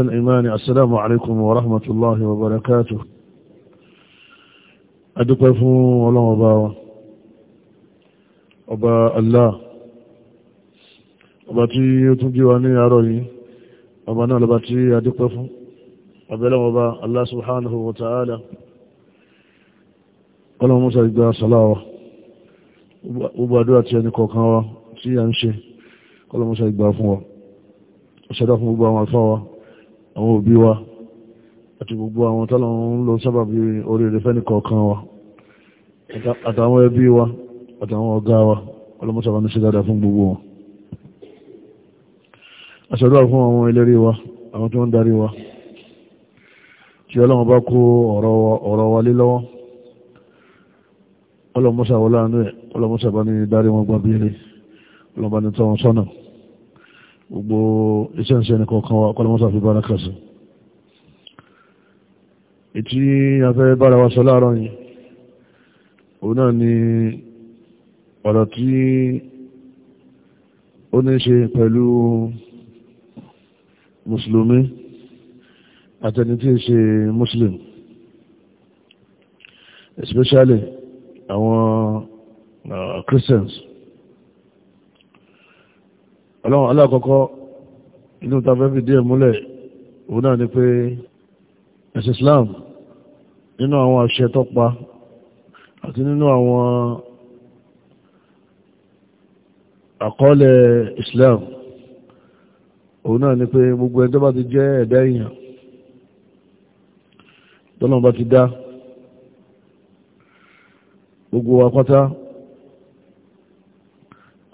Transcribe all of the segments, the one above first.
الإيمان السلام عليكم ورحمة الله وبركاته أدقفوا ولا أبا أبا الله أبا تي تجيواني أروي أبا نال أبا تي أدقفوا أبا لا أبا الله سبحانه وتعالى قال موسى إذا صلاة أبا دواتي أني كوكاوا تي أنشي قال موسى إذا فوا أشهد أفهم أبا ما فوا àwọn òbí wa àti gbogbo àwọn tọ́lọ̀ ń lọ sábà bí oríire fẹ́ni kọ̀ọ̀kan wa àtàwọn ẹbí wa àtàwọn ọ̀gá wa ọlọ́mọ́sàbà ní sí dáadáa fún gbogbo wọn àṣàdúrà fún àwọn eléré wa àwọn tí wọ́n darí wa tí ọlọ́run bá kó ọ̀rọ̀ wa lé lọ́wọ́ ọlọ́mọ́sàwọ́lá ní ọlọ́mọ́sàbà ní darí wọn gbàbí eré ọlọ́mọ́sàbà ní tọ́wọn sọ́nà gbogbo iṣẹ́ ìṣẹ́ ní kọ̀ọ̀kan wa kọ́lọ́mọ́sá fi bára kàṣù ìtí afẹ́ bára wa sọ láàárọ̀ yìí òun náà ni ọ̀rọ̀ tí ó ní ṣe pẹ̀lú mùsùlùmí àtẹni tí ṣe muslim especially àwọn uh, Christians ọlọ́run alákọ̀ọ́kọ́ inú ta fẹ́ fi díẹ̀ múlẹ̀ òun náà ni pé ẹ̀sìn Islam nínú àwọn àṣẹ tó pa àti nínú àwọn àkọọ́lẹ̀ Islam òun náà ni pé gbogbo ẹjọ́ bá ti jẹ́ ẹ̀dá èèyàn tọ́lọ́run ti dá gbogbo wa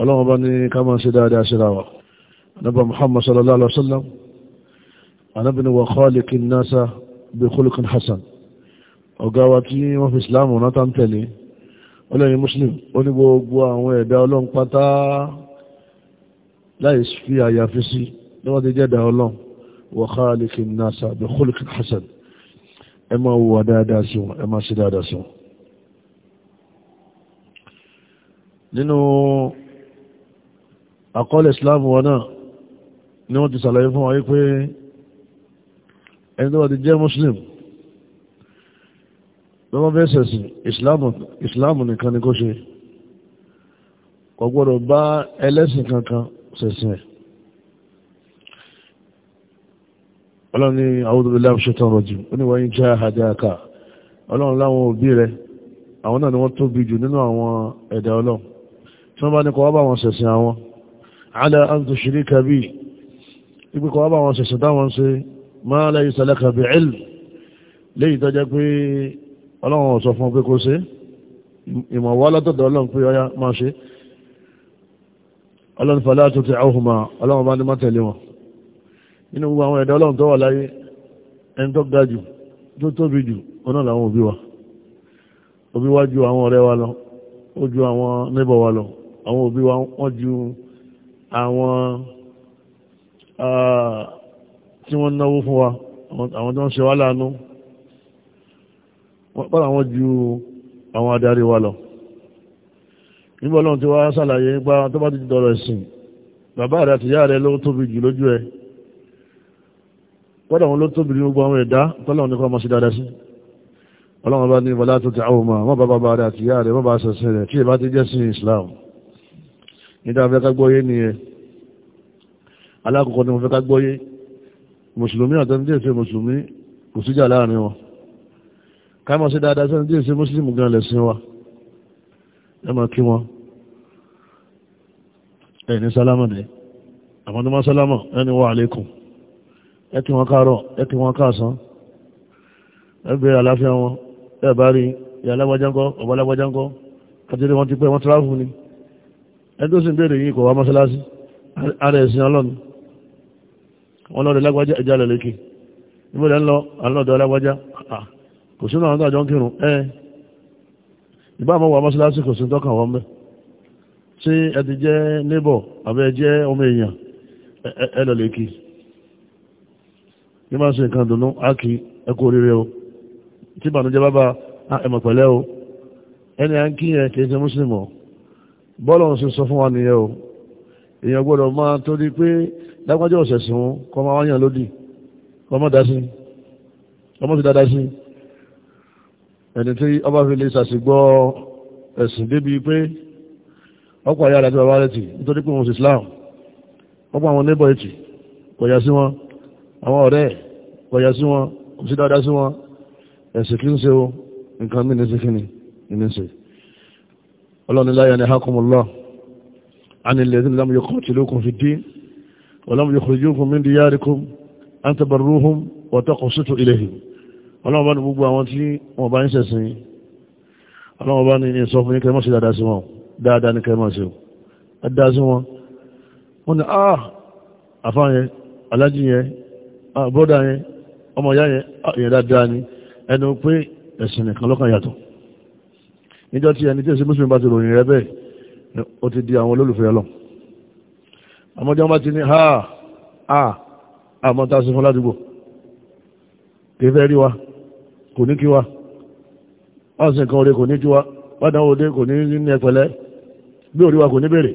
ọlọ́run bá ní ká máa ṣe dáadáa síra wa anábà muhammad sallallahu alaihi wasallam anábì ni wa khaliqin nasa bi khuluqin hasan ọ̀gá wa tí wọ́n fi islam náà tán tẹ̀lé ọlọ́yin muslim ó ní gbogbo àwọn ẹ̀dá ọlọ́run pátá láì fi àyàfi sí lọ́wọ́ ti jẹ́dà ọlọ́run wa khaliqin nasa bi khuluqin hasan ẹ máa wùwà dáadáa sí wọn ẹ máa ṣe dáadáa sí wọn nínú àkọọ́lẹ̀ islam wọn náà ni wọ́n ti sàlàyé fún wa wípé ẹni tó wà ti jẹ́ muslim lọ́wọ́ fẹ́ sẹ̀sìn islam nìkan ni kó ṣe kò gbọ́dọ̀ bá ẹlẹ́sìn kankan sẹ̀sìn ẹ̀ ọlọ́run ní a'udhu billahi minash shaitanir rajim ó ní wa in jahadaka ọlọ́run láwọn òbí rẹ̀ àwọn náà ni wọ́n tóbi jù nínú àwọn ẹ̀dá ọlọ́run tí wọ́n bá ní kọ́ wá bá wọn sẹ̀sìn àwọn على أن تشرك بي يقول قوابا وانسي ستان وانسي ما ليس لك بعلم ليه تجاك بي الله وصفه بكو سي إما ولا تدولون في آية ماشي الله فلا تطيعوهما الله ما ما تليوا inú gbogbo àwọn ẹ̀dá ọlọ́run tó wà láyé ẹni tó ga jù tó tóbi jù ọ̀nà làwọn òbí wa òbí wa ju àwọn ọ̀rẹ́ wa lọ ó ju àwọn níbọ̀ wa lọ àwọn òbí wa wọ́n ju àwọn tí wọ́n náwó fún wa àwọn tó ń ṣe wá láàánú pọ́lá wọn ju àwọn adarí wa lọ nígbà ọlọ́run tí wá ṣàlàyé nípa tó bá ti dọ̀rọ̀ ẹ̀sìn bàbá rẹ̀ àti ìyá rẹ̀ ló tóbi jù lójú ẹ̀ pọ́lá wọn ló tóbi ní gbogbo àwọn ẹ̀dá tọ́lá wọn ní kọ́ ọmọ sí dáadáa sí ọlọ́run bá ní ìbọ̀lá tó ti àwọn ọmọ bàbá rẹ̀ àti ìyá rẹ̀ wọn bá rẹ̀ tí ìbá ti jẹ́ sí Islam ní dáa fẹ́ ká gbọ́yé ni ẹ alákọ̀ọ́kọ́ ni mo fẹ́ ká gbọ́yé mùsùlùmí àtẹnudé ìfẹ́ mùsùlùmí kò síjà láàrin wọn ká mọ̀ sí dáadáa sẹ́nudé ìfẹ́ mùsùlùmí gan lẹ̀sìn wa ẹ máa kí wọn ẹ ní sálámà ní àwọn ọmọ sálámà ẹni wà àlékún ẹ kí wọn káàárọ̀ ẹ kí wọn káàsán ẹ bẹ àlàáfíà wọn ẹ bá rí ìyá alágbájáńkọ ọ̀bọ̀ alágbájáńkọ àti ilé wọn ti pẹ́ wọn tíráfù ni. ẹni tó sì bèèrè yìí kò wá mọ́sálásí ara ẹ̀sìn ọnọdụ wọn lọ́dọ̀ lágbájá ẹja lọ lékè níbẹ̀rẹ̀ lágbájá kò sínú àwọn tàjọ ń kírun ẹ ìbá wà mọ́sálásí kò sí tọ́kàn wọn bẹ́ ẹ ti jẹ́ àbẹ́ jẹ́ ọmọ èèyàn ẹ ní máa ń nǹkan dùnú ẹ kú oríire o tí bá bá ẹmọ̀ pẹ̀lẹ́ o ẹni à ń kì í bọ́lọ̀ ń ṣe sọ fún wa nìyẹn o èèyàn gbọ́dọ̀ máa torí pé dágbájọ́ ọ̀sẹ̀ sùn kọ́ máa wáyàn lódì ọmọ dá sí ọmọ ti dáadáa sí ẹni tí ọba fi lè ṣàṣìgbọ́ ẹ̀sìn débi pé ọkọ̀ ayé àdájọ́ bàbá rẹ̀ tì nítorí pé òun sì Islam ọkọ̀ àwọn neighbor ẹ̀tì kò yà sí wọn àwọn ọ̀rẹ́ kò yà sí wọn kò sí dáadáa sí wọn ẹ̀sìn kí ń ṣe o nǹkan mí ní sí kí ni ní ṣe ọlọ́ni láyé ni hakumullah anilẹ̀dín lam yuqatilukum fi ddin wa lam yukhrijukum min diyarikum an tabarruhum wa taqsitu ilayhim ọlọ́wọ́ bá ní gbogbo àwọn tí wọ́n bá ń ṣẹ̀sìn ọlọ́wọ́ bá ní sọ fún ní kẹmọ́sí dáadáa sí wọn dáadáa ní kẹmọ́sí dáadáa sí wọn wọ́n ah, ah, ah, ni ah àfá níjọ́ tí ẹni tí èsì mùsùlùmí bá ti ròyìn rẹ bẹ́ẹ̀ ó ti di àwọn olólùfẹ́ ọlọ́ àmọ́jọ́ bá ti ní ha ha àmọ́ tá a sí fún ládùúgbò kìí fẹ́ rí wa kò ní kí wa ọ̀sìn kan òde kò ní kí wa wádàn òde kò ní ní ẹ̀pẹ̀lẹ́ bí òrí wa kò ní bèrè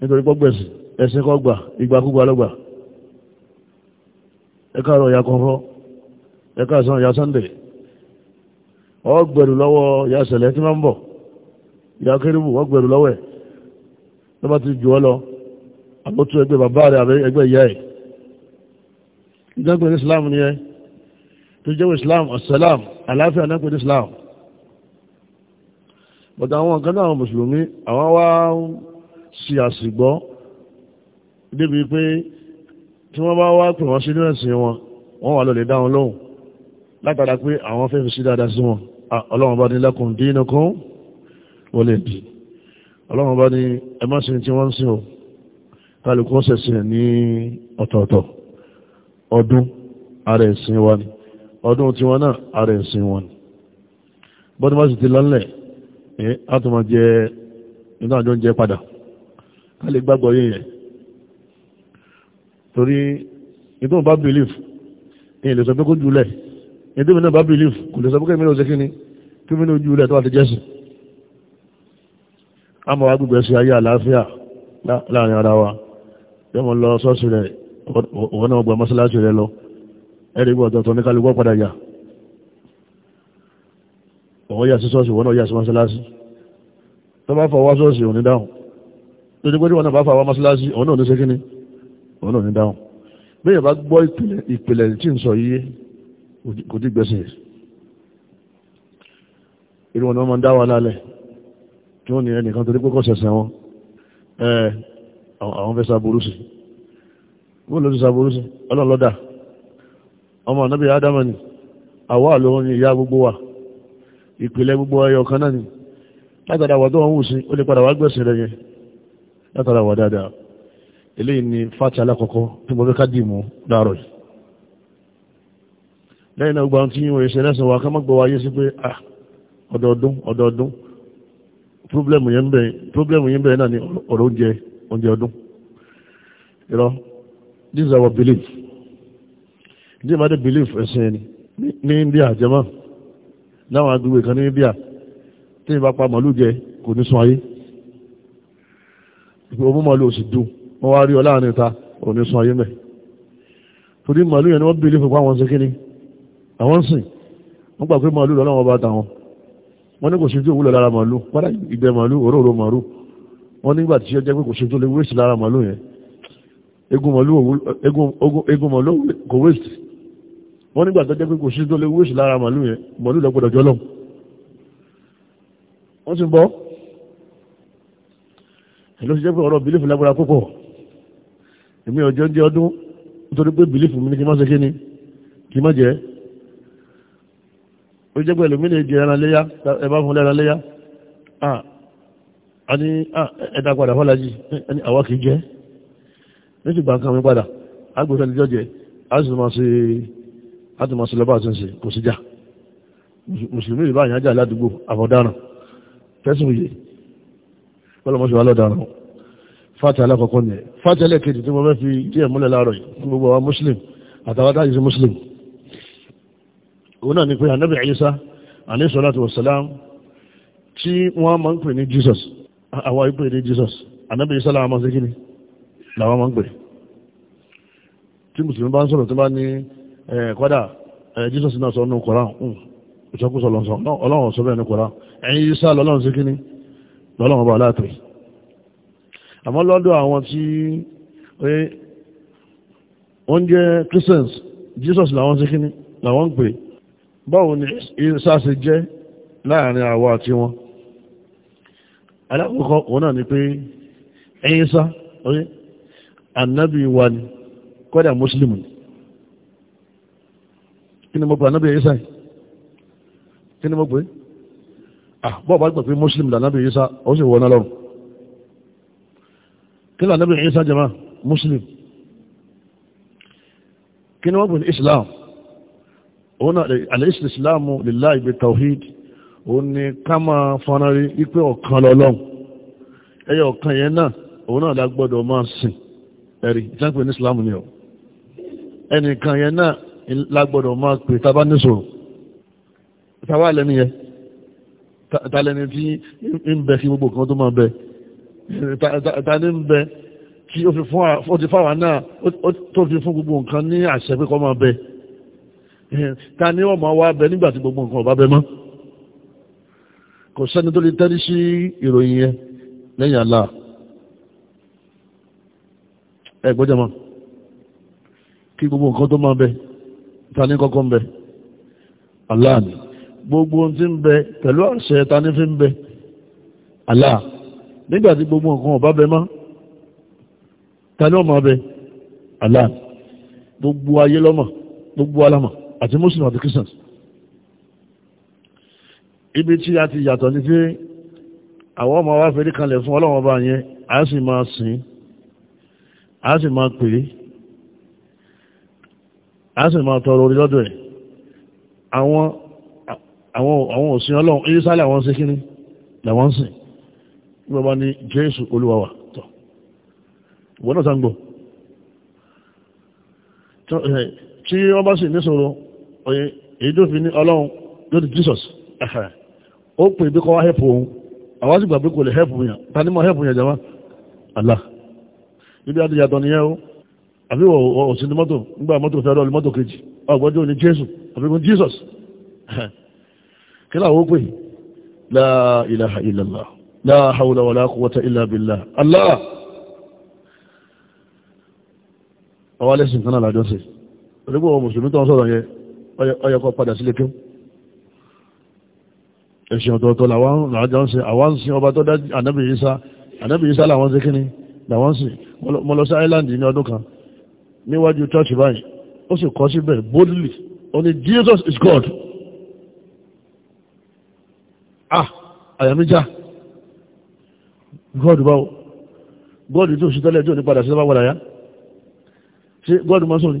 nítorí pọ́gbẹ̀sì ẹ̀sìn kan gbà ìgbàkúgbà lọ́gbà ẹ̀ka àrọ̀ ìyá kan fọ́ ẹ̀ka àsán ìyá sunday ọgbẹ̀rù lọ́wọ́ ìyá ṣẹlẹ̀ tí máa ń bọ̀ ìyá kérúbù ọgbẹ̀rù lọ́wọ́ ẹ̀ ló bá ti jù ọ lọ àbótú ẹgbẹ́ bàbá rẹ̀ àbẹ́ ẹgbẹ́ ìyá ẹ̀ ìjọgbẹ̀rẹ̀ islam ni ẹ tó jẹ́ islam assalam aláfíà náà islam bọ̀dá àwọn ọ̀gá náà mùsùlùmí àwọn wá ń ṣe àṣìgbọ́ débi pé tí wọ́n bá wá pè wọ́n sí ẹ̀sìn wọn wọ́n wà lọ lè dá lóhùn látara pé àwọn fẹ́ fi sí dáadáa sí wọn ọlọ́run bá ní lakum dinukum wọlé bí ọlọ́run bá ní ẹmọ́sìn tí wọ́n ń sìn o kálukú ọ̀sẹ̀sìn ní ọ̀tọ̀ọ̀tọ̀ ọdún ara ẹ̀sìn wa ni ọdún tí wọ́n náà ara ẹ̀sìn wọn ni bọ́dí má sì ti lọ́lẹ̀ ẹ́ átùmọ̀ inú àjọ ń jẹ padà ká gbàgbọ́ yìí yẹn torí ìdóhùn bá ní ìlẹ̀sọ̀ pé kó jùlẹ̀ ẹ̀dẹ́ mi náà bá belief kò lè sọ pé mìíràn ṣekí ni kí mi ní ojú ilẹ̀ tó wà ti jẹ́sìn a máa wá gbogbo ayé àlàáfíà láàrin ara wa yọ mọ lọ sọ́ọ̀sì rẹ̀ òun náà gba mọ́sálásì rẹ̀ lọ ẹ̀rí gbọ́ ọ̀tọ̀ọ̀tọ̀ ní kálukú padà yà òun yà sí sọ́ọ̀sì òun náà yà sí mọ́sálásì tó bá fọwọ́ sọ́ọ̀sì òun ni òun náà ní dáhùn bí yẹn bá gbọ́ kò tí gbẹ̀sìn irú wọn ni wọ́n wa lálẹ̀ tí wọ́n ní ẹnìkan torí pé kọ́ sẹ̀sẹ̀ wọn àwọn fẹ́ sáburú sí wọ́n lọ sí sáburú sí ọlọ́lọ́dà ọmọ ànábì ádámà ni àwa àlọ́ ni ìyá gbogbo wa ìpìlẹ̀ gbogbo ẹyọ kan náà ni látara wà tó wọn wù sí ó lè padà wá gbẹ̀sìn rẹ̀ yẹn látara wà dáadáa eléyìí ni fati alákọ̀ọ́kọ́ tí mo fẹ́ ká dì mú láàárọ̀ yìí lẹ́yìn náà gbọ́n tí wọ́n ṣe lẹ́sìn wa ká mọ́ gbọ́wọ́ ayé sí pé ah, ọdọọdún ọdọọdún pírọ́blẹ̀mù yẹn bẹ̀rẹ̀ náà ni ọ̀rọ̀ oúnjẹ oúnjẹ ọdún irọ́ this is our belief ní ìbádé belief ẹ̀sìn ẹni ní India jẹ́mọ́ láwọn agbègbè kan ní India tí ìbá pa màálù jẹ kò ní sun ayé ìfowópamọ́ màálù ò sì dùn wọ́n wá rí ọ láàrin ìta ò ní sun ayé mẹ́ torí màálù yẹn ni wọ́n belief pa àwọn ṣe kíni àwọn sìn wọ́n gbà pé màálù lọ́wọ́ bá tàwọn wọ́n ní kò ṣe tó wúlò lára màálù padà ìgbẹ́ màálù òróró màálù wọ́n nígbà tí ó jẹ́ pé kò ṣe tó lè wéṣì lára màálù yẹn egun màálù kò wéṣì wọ́n nígbà tó jẹ́ pé kò ṣe tó lè wéṣì lára màálù yẹn màálù lọ́gbọ̀dọ̀ jọlọ wọ́n sì bọ́ ẹ̀ló ṣe jẹ́ pé ọ̀rọ̀ bìlífù lágbára púpọ̀ èmi ọjọ́ jẹ́ ọdún nítorí pé bìlífù mi ní kí má ṣe kí ni kí má jẹ́ ó jẹ́ pẹ̀lú mílẹ̀ jẹ́ ẹranléyá ẹbá fún lẹ́ranléyá a ní ẹ̀dà padà fọ́lájì ẹni àwọ́ kìí jẹ́ ní ṣùgbà nǹkan mi padà agbèsè ní jọ́jẹ́ a ti máa ṣe lọ́bà àti ṣe kò sí já mùsùlùmí ìbá àyàn jà ládùúgbò àfọ̀dáràn tẹ́sùn yìí tí mo fẹ́ fi muslim àtàwátájì sí muslim òun náà ni pé ànábì Ìsá alayhi salatu wassalam tí wọ́n máa ń pè ní Jesus àwa ìpè ní Jesus ànábì Ìsá làwọn máa ń ṣe ni làwọn máa ń pè tí mùsùlùmí bá ń sọ̀rọ̀ tó bá ní kọ́dà Jesus náà sọ nínú Kùránì ìṣọ́kùsọ̀ lọ́sọ̀ ọlọ́run sọ bẹ́ẹ̀ ní Kùránì ẹ̀yìn Ìsá lọ́lọ́run ṣe kí ni lọ́lọ́run ọba aláàtọ̀ àmọ́ lọ́dọ̀ àwọn tí wọ́n jẹ́ Christians Jesus làwọn ṣe kí ni làwọn ń pè báwo ni Ìsá ṣe jẹ́ láàrin àwa àti wọn alákọ̀ọ́kọ́ òun náà ni pé Ìsá oye annabi wa ni kọ́dà muslim ni kí ni mo pè annabi Ìsá kí ni mo pè ah bọ́ọ̀ bá gbà pé muslim là annabi Ìsá ó sì wọ́n lọ́rùn kí ni annabi Ìsá jama muslim kí ni wọ́n pè islam Ona àlẹ́sìlẹ́sìláàmù lèlá ìgbé tawhid òun ni ká máa fanarí wípé ọ̀kan lọ́lọ́run ẹyẹ ọ̀kan yẹn náà òun náà lágbọ́dọ̀ máa sìn ẹ̀rí ìtànkù ní ìsìláàmù ni ọ ẹnìkan yẹn náà lágbọ́dọ̀ máa pè tábá níṣòro tábá lẹ́ni yẹn tàlẹ́ni tí ń bẹ sí gbogbo kan tó máa bẹ tàní ń bẹ tí ó ti fún àwọn náà tó fi fún gbogbo nǹkan ní àṣẹ pé kọ́ máa bẹ ta ni wọ́n máa bẹ nígbà gbogbo nǹkan ọ̀bá bẹ mọ́ kò sẹ́ni tó lè tẹ́lí sí ìròyìn yẹn lẹ́yìn àlá ẹ kí gbogbo nǹkan tó máa bẹ ta ni kọ́kọ́ ń bẹ àlá ni gbogbo ohun tí ń bẹ pẹ̀lú àṣẹ ta ni fi ń bẹ àlá nígbà gbogbo nǹkan ọ̀bá bẹ mọ́ ta ni wọ́n bẹ àlá gbogbo ayé lọ́mọ gbogbo alámọ̀ àti muslim àti christians ibi tí a ti yàtọ̀ ní pé àwọn ọmọ wa fẹ́rí kanlẹ̀ fún ọlọ́wọ́n bá yẹn a sì máa sìn a sì máa pè é a sì máa tọrọ orí lọ́dọ̀ ẹ̀ àwọn àwọn òsìn ọlọ́run ìrísàlẹ̀ àwọn sí kíní làwọn sìn gbọ́gbọ́ ní jésù olúwàwà tọ̀ wọ́n náà sáńgbò tí wọ́n bá sì níṣòro oye èyí tó fi ní ọlọ́run ló ti Jesus ẹ̀hẹ̀ ó pè bí kọ́ wá hẹ́pù òun àwọn sì gbàgbé kò lè hẹ́pù yàn ta ni mo hẹ́pù yàn jẹ́wọ́ Allah ibi àti yàtọ̀ nìyẹn o àbí òsìn mọ́tò nígbà mọ́tò fẹ́ rọ́ọ̀lù mọ́tò kejì ọgbọ́jọ́ ní Jésù àbíkún Jesus kí láwọ́ pè la ilaha illallah la hawla wala quwwata illa billah Allah ọwọ́ lẹ́sìn kan náà lájọ́sẹ̀ onígbò mùsùlùmí tó ń sọ̀rọ̀ yẹn ọyọkọ padà sílé kí ẹ̀sìn ọ̀tọ̀ọ̀tọ̀ làwọn làájọ́ ń ṣe àwọn sin ọba tó dá ànábì Ìsá ànábì Ìsá làwọn ṣe kíni làwọn sìn mo lọ sí island ní ọdún kan níwájú church báyìí ó sì kọ́ síbẹ̀ boldly ó ní Jesus is God ah àyàmíjá God báwo God tó ṣe tẹ́lẹ̀ tí ò ní padà sí lọ́wọ́ padà yá ṣé God mọ́ sóni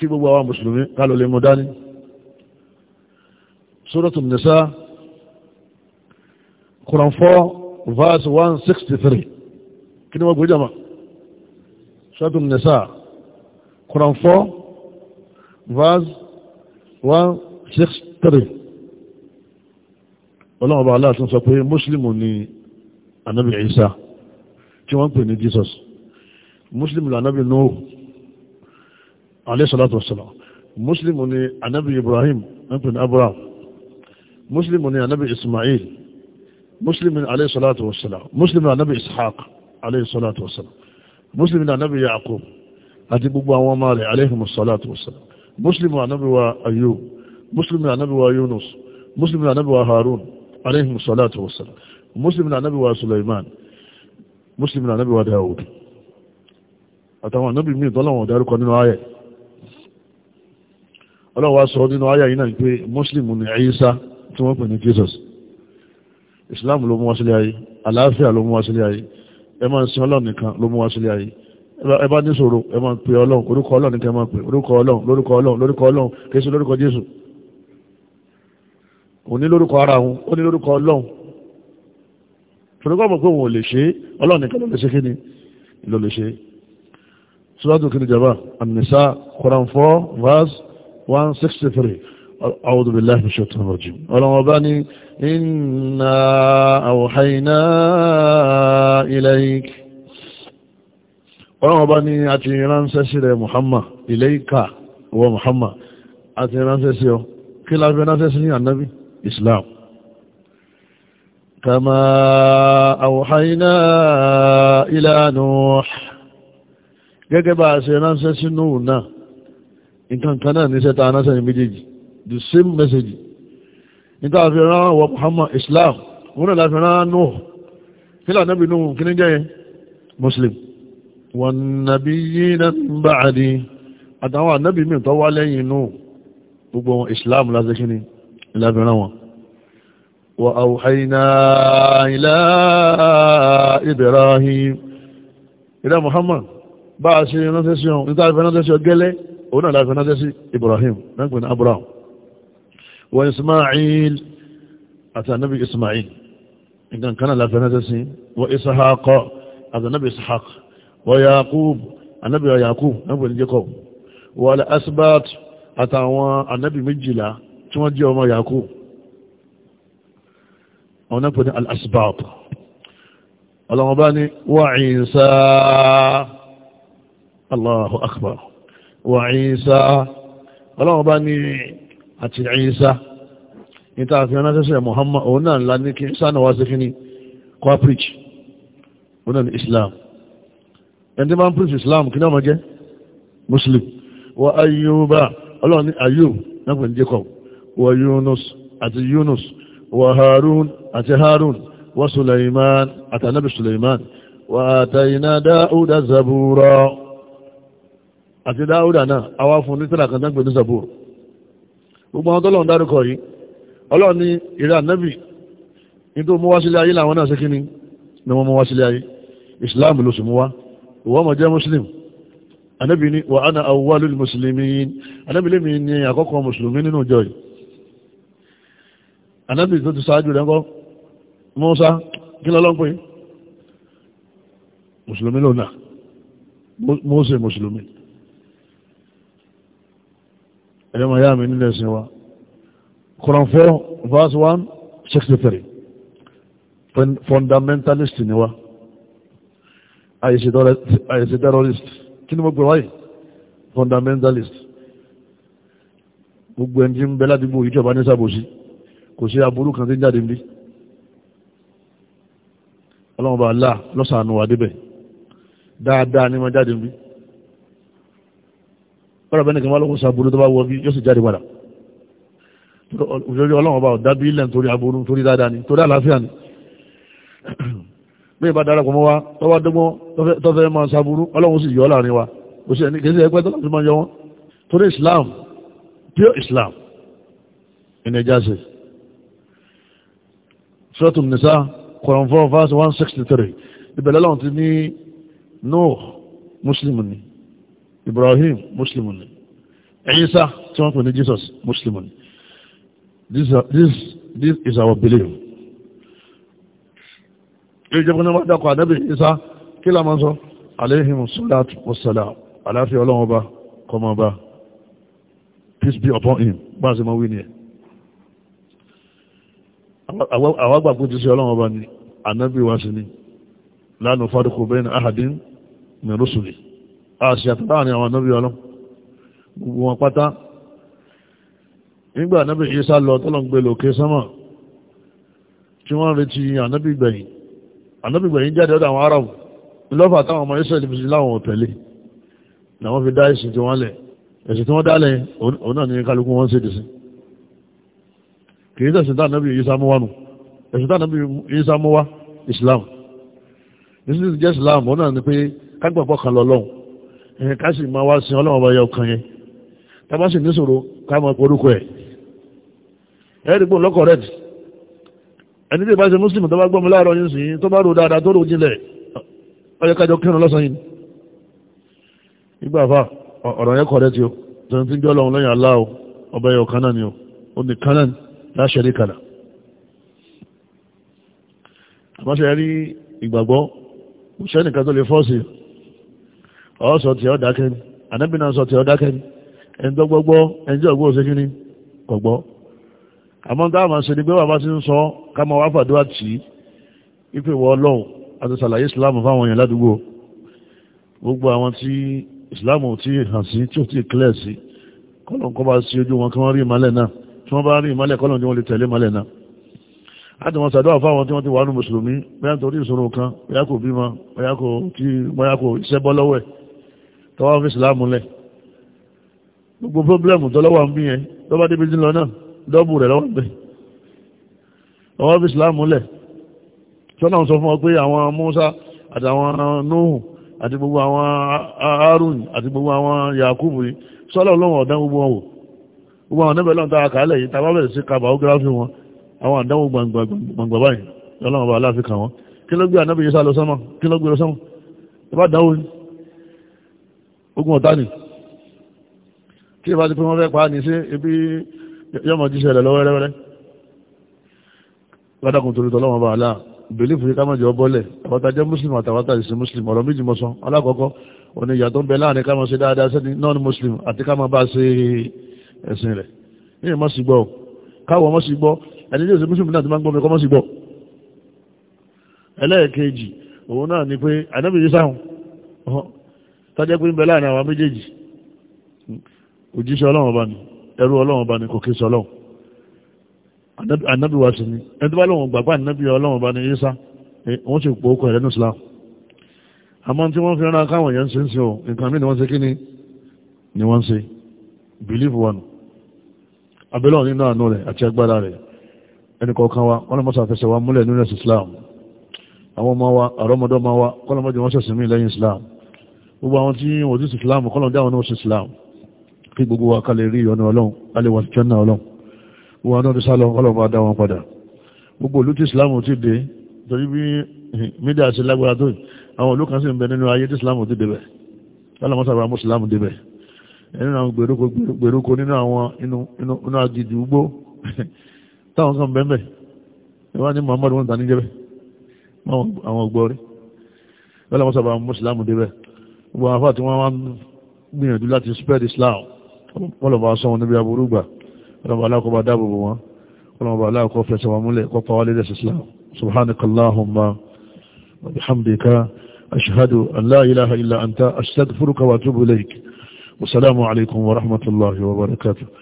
kí gbogbo àwọn mùsùlùmí kálọ̀ lè mú dání suratul nisa Quran 4 verse 163 kí ni wọ́n gbé jama suratul nisa Quran 4 verse 163 ọlọ́run ọba aláàtún sọ pé mùsùlùmí ni anabi Isa tí wọ́n ń pè ní Jesus mùsùlùmí lànàbì Nuhu alayhi salatu wassalam muslimu ni anabi ibrahim ẹnpin abraham muslimu ni anabi ismail muslimu ni alayhi salatu wassalam muslimu ni anabi ishaq alayhi salatu wassalam muslimu ni anabi yaqub àti gbogbo àwọn ọmọ rẹ̀ alayhi salatu wassalam muslimu ni anabi wa ayub muslimu ni anabi wa yunus muslimu ni anabi wa harun alayhi salatu wassalam ni anabi wa suleiman muslimu ni anabi wa dawud àtàwọn anabi mi ìtọ́lọ́wọ̀n dárúkọ nínú ayẹ̀ ọlọ́run wá sọ nínú ayà yìí náà pé muslim ni Ìsá tí wọ́n pè ní Jesus islam ló mú wá sílé ayé àlàáfíà ló mú wá sílé ayé ẹ máa ń sin ọlọ́run nìkan ló mú wá sílé ayé ẹ bá níṣòro ẹ máa pe ọlọ́run orúkọ ọlọ́run nìkan máa pe orúkọ ọlọ́run lórúkọ ọlọ́run lórúkọ ọlọ́run kìí ṣe lórúkọ Jésù òní lórúkọ ara òun ó ní lórúkọ ọlọ́run fòrókọ́mọ̀ pé òun ò lè ṣe ọlọ́run nìkan ló lè ṣe kí ni ló lè ṣe sọ́dọ̀ kí ni jàmbá An-Nisa Quran 4 verse one sixty three أعوذ بالله من الشيطان الرجيم ولرباني إنا أوحينا إليك ولرباني أتيران سسر محمد إليك هو محمد أتيران سسر كلا فينا سسر النبي إسلام كما أوحينا إلى نوح يجب أسيران سسر نوح nǹkan kan náà ní sẹ́ta anáṣẹ́ ní méjèèjì the same message níta àfi rán wa Muhammad Islam wọn náà láfi rán Nuh kílà nábì Nuh kíní jẹ́ Muslim wan nabiyyina min ba'di àtàwọn ànábì mi tó wá lẹ́yìn Nuh gbogbo wọn Islam láti kíní láfi rán wọn wa awhayna ila Ibrahim ila Muhammad bá a ṣe ránṣẹ́ sí ọ níta àfi ránṣẹ́ sí ọ gẹ́lẹ́ òun náà láti ránṣẹ́ sí Ibrahim nágbìn Abraham wa Ismail àti anabi Ismail nǹkan kan náà láti ránṣẹ́ sí wa Ishaq àti anabi Ishaq wa Yaqub anabi wa Yaqub nágbìn ní Jacob wa al-Asbat àtàwọn anabi méjìlá tí wọ́n jẹ́ ọmọ Yaqub àwọn náà pè ní al-Asbat ọlọ́wọ́n bá ní wa Isa Allahu akbar wà Ìsá ọlọ́run bá ní àti Ìsá níta àfihàn ránṣẹ́ṣẹ́ Muhammad òun náà ńlá ní kí Ìsá náà wá sí kíní kọ́ preach òun náà ní Islam ẹni tí máa ń preach Islam kí náà máa jẹ́ Muslim wà Ayuba ọlọ́run ní Ayub náà Jacob wà Yunus àti Yunus wà Harun àti Harun wà Suleiman àti Suleiman wà àtàyìnà Dáúdà Zabura àti dáúdà náà awá fún ní tíra kan tán pè ní sàbúrù gbogbo àwọn tọ́lọ̀ ń dárúkọ yìí ọlọ́run ní ìrẹ́ ànábì ní tó mú wá sílé ayé làwọn náà ṣe kíni ni wọ́n mú wá sílé ayé islam ló sì mú wá ìwọ́n mọ̀ jẹ́ muslim ànábì ní wà ánà awwalul muslimin ànábì lémi ní àkọ́kọ́ mùsùlùmí nínú ìjọ yìí ànábì tó ti ṣáájú rẹ̀ ńkọ́ Mùsá kí lọ́lọ́ ń pè mùsùlùmí lónà Mósè mùsùlùmí ẹ̀yọ́mọ̀ yá mi nílẹ̀ ẹ̀sìn wa Quran 4 verse 1 63 fundamentalist ni wa àyèsí terrorist kí ni mo gbọ́ fundamentalist gbogbo ẹni tí ń bẹ ládùúgbò ìjọba ní sàbòsí kò sí aburú kan tí ń jáde ń bí ọlọ́run bá láà lọ́sàn dáadáa ni wọ́n jáde ń bí bọ́lá bẹ́ẹ̀ nìkan wá lọ́wọ́ sàbúrú tó bá wọ́ bí yóò sì jáde padà òṣèré ọlọ́run bá ọ̀dá bí ilẹ̀ nítorí aburú nítorí dáadáa ni torí àlàáfíà ni bí ìbá darapọ̀ mọ́ wa tọ́wọ́ dọ́gbọ́n tọ́fẹ́ máa sàbúrú ọlọ́run sì yọ láàrin wa kò sí ẹni kẹsí ẹgbẹ́ tọ́lá fi máa yọ wọn torí Islam pure Islam ìnẹjà sí sọ́tún nìsá Quran 4 verse 163 ìbẹ̀lẹ́ lọ́run ti ní Nuh Muslim ni Ibrahim muslimun Isa tí wọ́n pè ní Jesus muslimun this, this, this is our belief ìjọba ní wọ́n dákọ̀ ànábì Isa kí la máa sọ alayhim salatu wassalam aláfíà ọlọ́wọ́n bá kọmọ bá peace be upon him bá a ṣe máa wí ni ẹ̀ àwọn ti ṣe ọlọ́wọ́n bá ni ànábì wa sí ni la nufarriqu bayna ahadin min rusuli àṣìyàtọ̀ láàrin àwọn anábì ọlọ́ gbogbo wọn pátá nígbà anábì Ìsá lọ tọ́lọ̀ ń gbé lòkè sánmà tí wọ́n retí anábì gbẹ̀yìn anábì gbẹ̀yìn jáde ọ̀dọ̀ àwọn Arab lọ́fà táwọn ọmọ Ísírẹ́lì fi láwọn òtẹ̀lé làwọn fi dá ẹ̀sìn tí wọ́n lẹ̀ ẹ̀sìn tí wọ́n dálẹ̀ òun náà ní kálukú wọn ṣèdè sí kì í ṣẹ̀sìn tá anábì Ìsá mú wá nù ẹ̀sìn tá anábì Ìsá mú wá Islam ìsìn tí jẹ́ Islam òun náà ni pé kágbàgbọ́ kan lọ lọ́hùn ká sì máa wá sin ọlọ́run ọba yọ kan yẹn tá bá sì níṣòro ká máa porúkọ ẹ̀ ẹ̀rí gbọ́n lọ́kọ̀ rẹ̀ ẹni tí ìbáṣe muslim tó bá gbọ́mù láàárọ̀ yìí sí tó bá rò dáadáa tó rò jílẹ̀ ọyọ́ kájọ kírun lọ́sàn yìí ìgbàfà ọ̀rọ̀ yẹ́ kọ̀rẹ́ tí ó tẹ́ni tí jọ́ lọ́wọ́ lẹ́yìn aláwọ̀ ọba yọ kanáà ni ó ó ní kanáà la ọ̀sọ̀ tí ọ dákẹ́ ni ànábì náà sọ tí ọ dákẹ́ ni ẹni tó gbọ́gbọ́ ẹni tí ọgbọ́ òṣèkí ni kọ̀gbọ́ àmọ́ tá a máa ṣe ni pé bàbá ti ń sọ ká máa wá fàdúrà tì í ife ìwọ ọlọ́run àti sàlàyé ìsìláàmù fáwọn èèyàn ládùúgbò gbogbo àwọn tí ìsìláàmù ti hàn sí tí ó ti kílẹ̀ sí kọ́lọ̀n kọ́ bá sí ojú wọn kí wọ́n rí ìmálẹ̀ náà tí wọ́n bá rí ìmálẹ̀ kọ́lọ̀n tí wọ́n lè tẹ̀lé ìmálẹ̀ náà láti wọn sàdọ́ àfáwọn tí wọ́n ti wà nù mùsùlùmí bóyá nítorí ìṣòro kan bóyá kò bímọ bóyá kò iṣẹ́ bọ́ lọ́wọ́ ẹ̀ tọ́wọ́ fi ìsìlámù lẹ̀ gbogbo pọ́blẹ́mù tọ́lọ́wà ń bí yẹn lọ́wọ́ débi dín lọ náà dọ́bù rẹ̀ lọ́wọ́ bẹ̀ tọ́wọ́ fi ìsìlámù lẹ̀ sọ́nà sọ fún ọ pé àwọn Musa àtàwọn Nuhu àti gbogbo àwọn Harun àti gbogbo àwọn Yakubu yìí sọ́lọ̀ lọ́wọ́ ọ̀dán gbogbo wọn wò gbogbo àwọn ọ̀dẹ́bẹ̀ lọ́nà tá a kàálẹ̀ yìí tá a bá bẹ̀rẹ̀ sí ka biography wọn àwọn àdánwò gbàngbà báyìí lọ́nà ọba aláfikà wọn kí ló gbé ànábìyí sá lọ sọ́mọ kí ló gbé lọ sọ́mọ ìbá dáwọ́ yìí ogun ọ̀tá ni tí ìbá ti pín wọ́n fẹ́ pa ní sí ibi yọmọ jíṣẹ́ rẹ̀ lọ́wọ́rẹ́wẹ́rẹ́ látàkùn torí tọ́lọ́wọ́ bá aláà bèlífù yí kámọ̀ jẹ́ ọbọ́lẹ̀ àwọ́ta jẹ́ muslim àtàwátà ìsìn muslim ọ̀rọ̀ méjì mọ́ sán alákọ̀ọ́kọ́ òní ìyàtọ̀ ń bẹ láàrin kámọ̀ sí dáadáa sẹ́ni non muslim àti kámọ̀ bá ṣe ẹ̀sìn rẹ̀ ní ìmọ̀ sí gbọ́ káwọ̀ mọ́ sí gbọ́ ẹni tí ó muslim náà ti máa ń gbọ́ mi kọ́ mọ́ sí gbọ́ ẹlẹ́ẹ̀kejì òun náà ni pé ànábì sáhùn tọ́jẹ́ pé ń bẹ láàrin àwọn méjèèjì òjíṣẹ́ ọlọ́run ọba ni ẹrú ọlọ́run ọba ni kò kí sọlọ́run ànábì wa sì ni ẹni tó bá lóun gbàgbà ànábì ọlọ́run ọba ni yíṣá wọ́n sì pò ókọ̀ ẹ̀rẹ́nu Islam àmọ́ tí wọ́n fi rán káwọn èèyàn ṣe ń ṣe o nǹkan mí ni wọ́n ṣe kí ni wọ́n ṣe believe wọn abẹ́lọ́ nínú àánú rẹ̀ àti agbára rẹ̀ ẹni kọ̀ọ̀kan wa wọ́n lè mọ́sà fẹsẹ̀ wa múlẹ̀ nínú Islam àwọn ọmọ wa àrọ́mọdọ́ ma wa kọ́lọ́mọdé wọ́n ṣẹ̀sìn mí lẹ́yìn Islam gbogbo àwọn tí wọ́n ti islam kọ́lọ̀ dáwọn náà sí islam kí gbogbo wa kalẹ̀ rí ọ̀nà ọlọ́run alẹ́ wà jẹ́ náà ọlọ́run gbogbo àwọn ọdún sálọ ọlọ́run bá dá wọn padà gbogbo olú ti dé torí bí eh, mídíà sí mú islam débẹ̀ gbogbo àwọn afáà tí wọ́n wọ́n gbìyànjú láti spread Islam wọ́n lọ́ba sọ wọn níbi aburú gbà ọlọ́ba aláàkọ́ba dáàbò bò wọ́n ọlọ́ba aláàkọ́ fẹsẹ̀ wọn múlẹ̀ kọ́ pa wálé lẹ́sẹ̀ Islam subhanakallahumma wa bihamdika ashhadu an